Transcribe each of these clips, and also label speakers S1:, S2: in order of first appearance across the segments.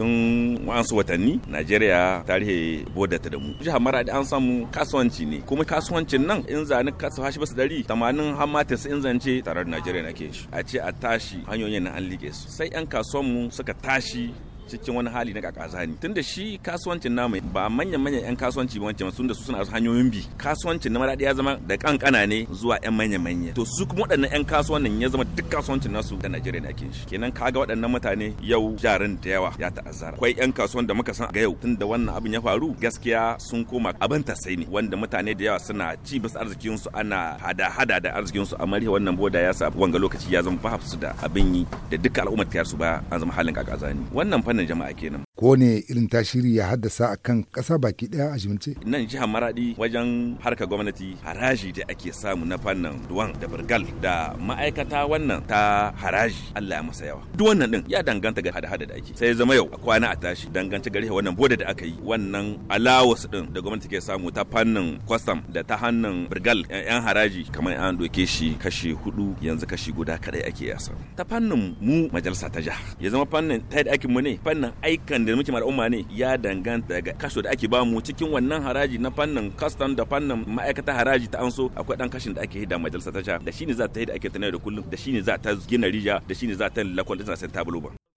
S1: tun wasu watanni najeriya tarihi bodata da mu jihar maradi an samu kasuwanci ne kuma kasuwancin nan in zani kasuwa shi basu dari tamanin har ma in zance tarar najeriya na ke shi a ce a tashi hanyoyin na an liƙe su sai yan kasuwan mu suka tashi cikin wani hali na ne tunda shi kasuwancin namu ba manyan manyan yan kasuwanci ba wancan sun da su suna hanyoyin bi kasuwancin na maradi ya zama da kankana ne zuwa yan manyan manyan to su kuma waɗannan yan kasuwannin ya zama duk kasuwancin nasu da Najeriya ne ake shi kenan kaga waɗannan mutane yau jarin da yawa ya ta'azzara akwai yan kasuwan da muka san ga yau tunda wannan abin ya faru gaskiya sun koma abin tasai ne wanda mutane da yawa suna ci bisa arzikin su ana hada hada da arzikin su amma wannan boda ya sa wanga lokaci ya zama ba su da abin yi da duka al'ummar su ba an zama halin kakazani wannan fannin wannan jama'a
S2: kenan ko ne irin tashiri ya haddasa a kan ƙasa baki ɗaya a jimilce?
S1: Nan jihar maradi wajen harkar gwamnati haraji da ake samu na fannin duwan da burgal da ma'aikata wannan ta haraji Allah ya masa yawa. Duk wannan ɗin ya danganta ga hada-hada da ake. Sai zama yau a kwana a tashi dangance gari wannan boda da aka yi wannan alawus ɗin da gwamnati ke samu ta fannin kwastam da ta hannun burgal 'yan haraji kamar an doke shi kashi hudu yanzu kashi guda kadai ake yasa. Ta fannin mu majalisa ta jiha ya zama fannin ta da ake mu ne fannin aikan da muke al'umma ne ya danganta ga kaso da ake bamu cikin wannan haraji na fannin custom da fannin ma'aikata haraji ta anso akwai dan kashin da ake hida majalisa tasha da shine za ta hida ake tunai da kullum da shine za ta gina rija da shine za ta lakwal da sai ta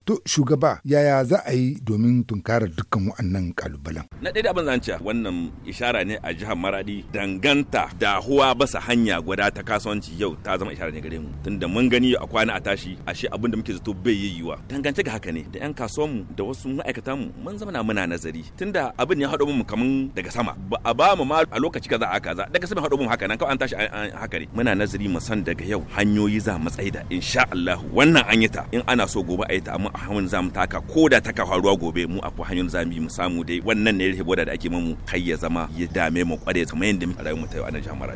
S2: To shugaba yaya za a yi domin tunkarar dukkan wa'annan kalubalen?
S1: Na ɗaya da abin zanci wannan ishara ne a jihar Maradi danganta da huwa basa hanya guda ta kasuwanci yau ta zama ishara ne gare mu. Tunda mun gani a kwana a tashi a shi abin da muke zato bai yi yiwa. Dangance ga haka ne da 'yan kasuwanmu da wasu ma'aikata mu mun zama na muna nazari. Tunda abin ya haɗo mu kaman daga sama. Ba a ba mu ma a lokaci kaza a kaza daga sama haɗo mu haka nan kawai an tashi haka ne. Muna nazari mu san daga yau hanyoyi za mu tsaida insha Allah wannan an yi ta in ana so gobe a yi ta amma hanyoyin zamu taka ko da ta faruwa gobe mu a hanyoyin zamu yi mu samu dai wannan ne rihiboda da ake mamu kai ya zama ya dame mu kware kamar yadda mu rayu mu ta yau a jihar